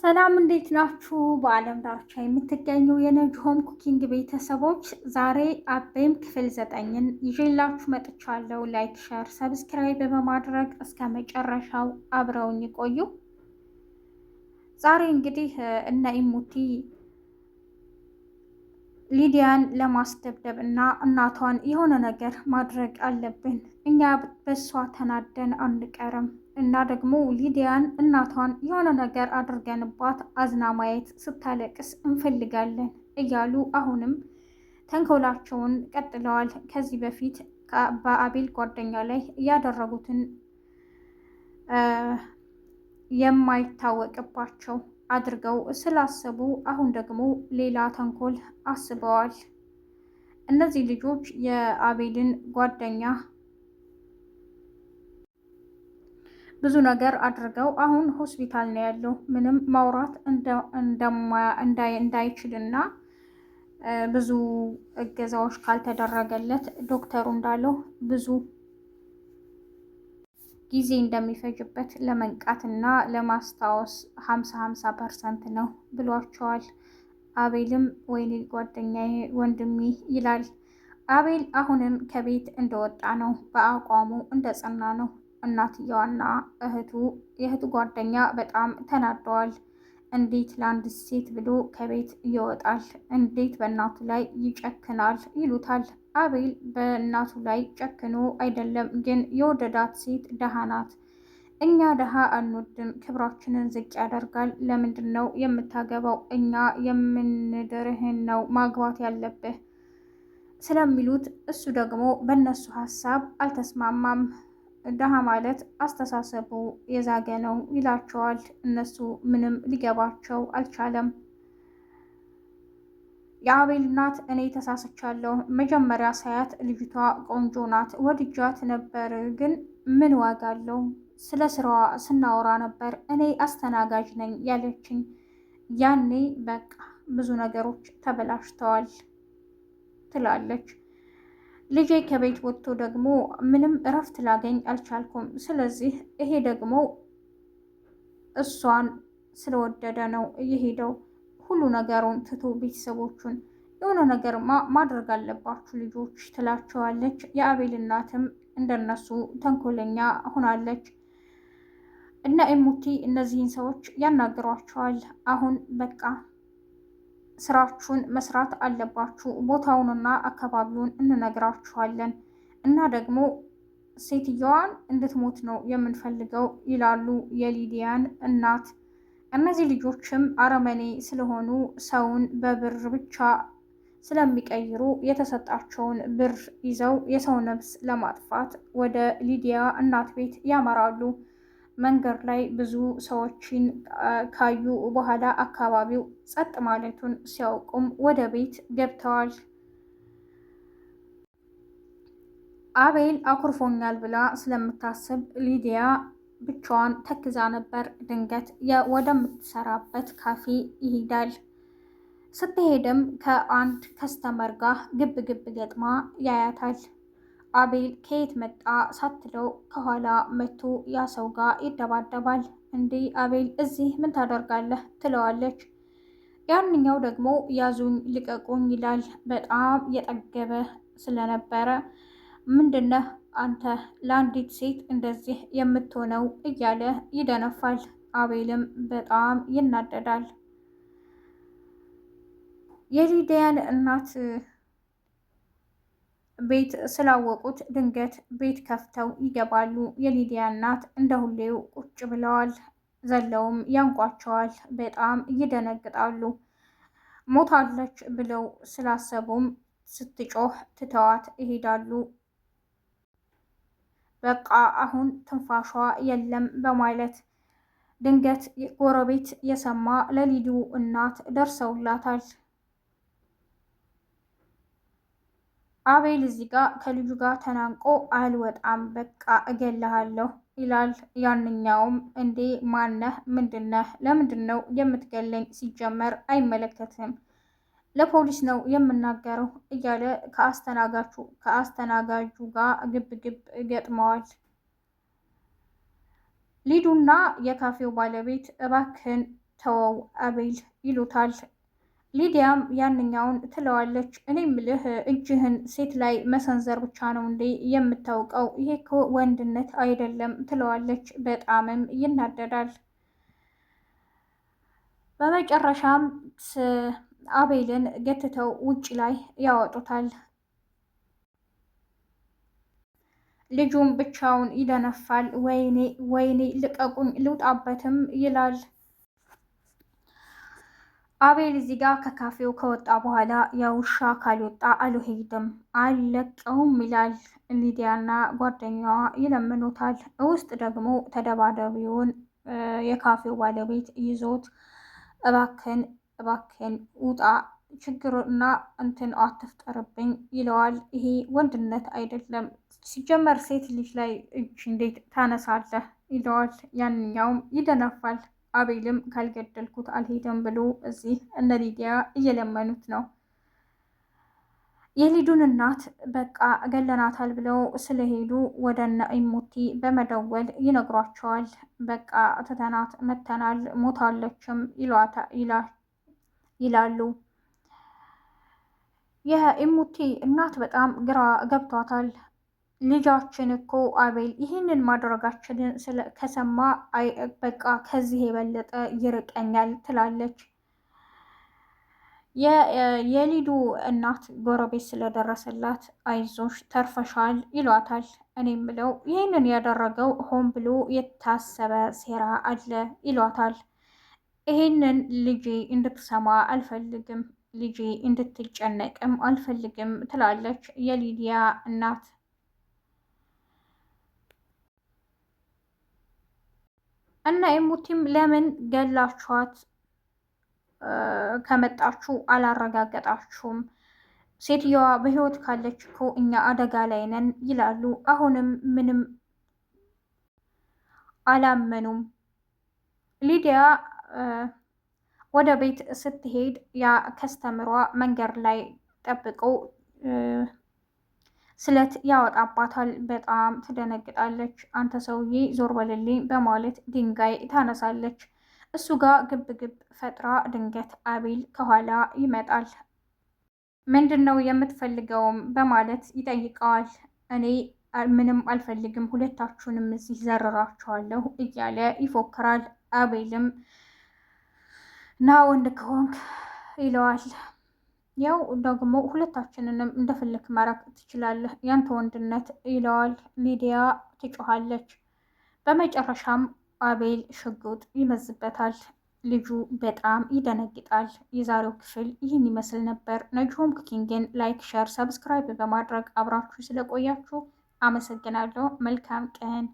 ሰላም እንዴት ናችሁ? በዓለም ዳርቻ የምትገኙ የነጂ ሆም ኩኪንግ ቤተሰቦች ዛሬ አቤም ክፍል ዘጠኝን ይዤላችሁ መጥቻለሁ። ላይክ፣ ሸር፣ ሰብስክራይብ በማድረግ እስከ መጨረሻው አብረውኝ ይቆዩ ዛሬ እንግዲህ እነ ኢሙቲ ሊዲያን ለማስደብደብ እና እናቷን የሆነ ነገር ማድረግ አለብን፣ እኛ በሷ ተናደን አንቀርም እና ደግሞ ሊዲያን እናቷን የሆነ ነገር አድርገንባት አዝና ማየት ስታለቅስ እንፈልጋለን እያሉ አሁንም ተንኮላቸውን ቀጥለዋል። ከዚህ በፊት በአቤል ጓደኛ ላይ ያደረጉትን የማይታወቅባቸው አድርገው ስላሰቡ አሁን ደግሞ ሌላ ተንኮል አስበዋል። እነዚህ ልጆች የአቤልን ጓደኛ ብዙ ነገር አድርገው አሁን ሆስፒታል ነው ያለው። ምንም ማውራት እንዳይችልና ብዙ እገዛዎች ካልተደረገለት ዶክተሩ እንዳለው ብዙ ጊዜ እንደሚፈጅበት ለመንቃትና ለማስታወስ ሀምሳ ሀምሳ ፐርሰንት ነው ብሏቸዋል። አቤልም ወይኔ ጓደኛዬ ወንድሜ ይላል። አቤል አሁንም ከቤት እንደወጣ ነው፣ በአቋሙ እንደጸና ነው። እናትየዋና እህቱ የእህቱ ጓደኛ በጣም ተናደዋል። እንዴት ለአንድ ሴት ብሎ ከቤት ይወጣል? እንዴት በእናቱ ላይ ይጨክናል? ይሉታል። አቤል በእናቱ ላይ ጨክኖ አይደለም ግን የወደዳት ሴት ደሃ ናት። እኛ ደሃ አንወድም፣ ክብራችንን ዝቅ ያደርጋል። ለምንድን ነው የምታገባው? እኛ የምንድርህን ነው ማግባት ያለብህ ስለሚሉት እሱ ደግሞ በእነሱ ሀሳብ አልተስማማም። ድሃ ማለት አስተሳሰቡ የዛገ ነው ይላቸዋል። እነሱ ምንም ሊገባቸው አልቻለም። የአቤል እናት እኔ ተሳስቻለሁ። መጀመሪያ ሳያት ልጅቷ ቆንጆ ናት፣ ወድጃት ነበር። ግን ምን ዋጋ አለው? ስለ ስራዋ ስናወራ ነበር። እኔ አስተናጋጅ ነኝ ያለችኝ ያኔ በቃ ብዙ ነገሮች ተበላሽተዋል ትላለች። ልጄ ከቤት ወጥቶ ደግሞ ምንም እረፍት ላገኝ አልቻልኩም። ስለዚህ ይሄ ደግሞ እሷን ስለወደደ ነው እየሄደው ሁሉ ነገሩን ትቶ ቤተሰቦቹን የሆነ ነገርማ ማድረግ አለባችሁ ልጆች ትላቸዋለች። የአቤል እናትም እንደነሱ ተንኮለኛ ሆናለች። እና ኤሙቲ እነዚህን ሰዎች ያናግሯቸዋል። አሁን በቃ ስራችሁን መስራት አለባችሁ። ቦታውንና አካባቢውን እንነግራችኋለን እና ደግሞ ሴትየዋን እንድትሞት ነው የምንፈልገው ይላሉ የሊዲያን እናት። እነዚህ ልጆችም አረመኔ ስለሆኑ ሰውን በብር ብቻ ስለሚቀይሩ የተሰጣቸውን ብር ይዘው የሰው ነፍስ ለማጥፋት ወደ ሊዲያ እናት ቤት ያመራሉ። መንገድ ላይ ብዙ ሰዎችን ካዩ በኋላ አካባቢው ጸጥ ማለቱን ሲያውቁም ወደ ቤት ገብተዋል። አቤል አኩርፎኛል ብላ ስለምታስብ ሊዲያ ብቻዋን ተክዛ ነበር። ድንገት ወደምትሰራበት ካፌ ይሄዳል። ስትሄድም ከአንድ ከስተመር ጋር ግብ ግብ ገጥማ ያያታል። አቤል ከየት መጣ ሳትለው ከኋላ መቶ ያ ሰው ጋር ይደባደባል። እንዴ አቤል እዚህ ምን ታደርጋለህ? ትለዋለች። ያንኛው ደግሞ ያዙኝ ልቀቁኝ ይላል። በጣም የጠገበ ስለነበረ ምንድነህ አንተ ለአንዲት ሴት እንደዚህ የምትሆነው እያለ ይደነፋል። አቤልም በጣም ይናደዳል። የሊዲያን እናት ቤት ስላወቁት ድንገት ቤት ከፍተው ይገባሉ። የሊዲያ እናት እንደ ሁሌው ቁጭ ብለዋል። ዘለውም ያንቋቸዋል። በጣም ይደነግጣሉ። ሞታለች ብለው ስላሰቡም ስትጮህ ትተዋት ይሄዳሉ። በቃ አሁን ትንፋሿ የለም በማለት ድንገት ጎረቤት የሰማ ለሊዱ እናት ደርሰውላታል። አቤል እዚህ ጋር ከልጁ ጋር ተናንቆ አልወጣም በቃ እገልሃለሁ ይላል። ያንኛውም እንዴ ማነህ? ምንድነህ? ለምንድን ነው የምትገለኝ? ሲጀመር አይመለከትም ለፖሊስ ነው የምናገረው እያለ ከአስተናጋቹ ከአስተናጋጁ ጋር ግብ ግብ ገጥመዋል። ሊዱና የካፌው ባለቤት እባክህን ተወው አቤል ይሉታል። ሊዲያም ያንኛውን ትለዋለች። እኔ ምልህ እጅህን ሴት ላይ መሰንዘር ብቻ ነው እንዴ የምታውቀው? ይሄ እኮ ወንድነት አይደለም ትለዋለች። በጣምም ይናደዳል። በመጨረሻም አቤልን ገትተው ውጭ ላይ ያወጡታል። ልጁም ብቻውን ይደነፋል። ወይኔ ወይኔ ልቀቁኝ፣ ልውጣበትም ይላል። አቤል እዚህ ጋር ከካፌው ከወጣ በኋላ የውሻ ካልወጣ አልሄድም አልለቀውም ይላል። ሊዲያና ጓደኛዋ ይለምኑታል። ውስጥ ደግሞ ተደባዳቢውን የካፌው ባለቤት ይዞት እባክን እባክን ውጣ ችግርና እንትን አትፍጠርብኝ ይለዋል። ይሄ ወንድነት አይደለም ሲጀመር ሴት ልጅ ላይ እጅ እንዴት ታነሳለህ ይለዋል። ያንኛውም ይደነፋል። አቤልም ካልገደልኩት አልሄደም ብሎ እዚህ እነ ሊዲያ እየለመኑት ነው። የሊዱን እናት በቃ ገለናታል ብለው ስለሄዱ ወደ እነ ኢሙቲ በመደወል ይነግሯቸዋል። በቃ ትተናት መተናል ሞታለችም ይላሉ። የኢሙቲ እናት በጣም ግራ ገብቷታል። ልጃችን እኮ አቤል ይህንን ማድረጋችንን ከሰማ በቃ ከዚህ የበለጠ ይርቀኛል ትላለች። የሊዱ እናት ጎረቤት ስለደረሰላት አይዞሽ ተርፈሻል ይሏታል። እኔ ምለው ይህንን ያደረገው ሆን ብሎ የታሰበ ሴራ አለ ይሏታል። ይህንን ልጄ እንድትሰማ አልፈልግም፣ ልጄ እንድትጨነቅም አልፈልግም ትላለች የሊዲያ እናት እና ኢሙቲም ለምን ገላችኋት ከመጣችሁ አላረጋገጣችሁም? ሴትየዋ በህይወት ካለች እኮ እኛ አደጋ ላይ ነን ይላሉ። አሁንም ምንም አላመኑም። ሊዲያ ወደ ቤት ስትሄድ ያ ከስተምሯ መንገድ ላይ ጠብቀው ስለት ያወጣባታል። በጣም ትደነግጣለች። አንተ ሰውዬ ዞር በልልኝ በማለት ድንጋይ ታነሳለች። እሱ ጋር ግብ ግብ ፈጥራ ድንገት አቤል ከኋላ ይመጣል። ምንድን ነው የምትፈልገውም በማለት ይጠይቀዋል። እኔ ምንም አልፈልግም፣ ሁለታችሁንም እዚህ ዘርራችኋለሁ እያለ ይፎክራል። አቤልም ና ወንድ ከሆንክ ይለዋል። ያው ደግሞ ሁለታችንንም እንደፈለክ ማራቅ ትችላለህ፣ ያንተ ወንድነት ይለዋል። ሊዲያ ትጮኋለች። በመጨረሻም አቤል ሽጉጥ ይመዝበታል። ልጁ በጣም ይደነግጣል። የዛሬው ክፍል ይህን ይመስል ነበር። ነጅሆም ኩኪንግን ላይክ፣ ሸር፣ ሰብስክራይብ በማድረግ አብራችሁ ስለቆያችሁ አመሰግናለሁ። መልካም ቀን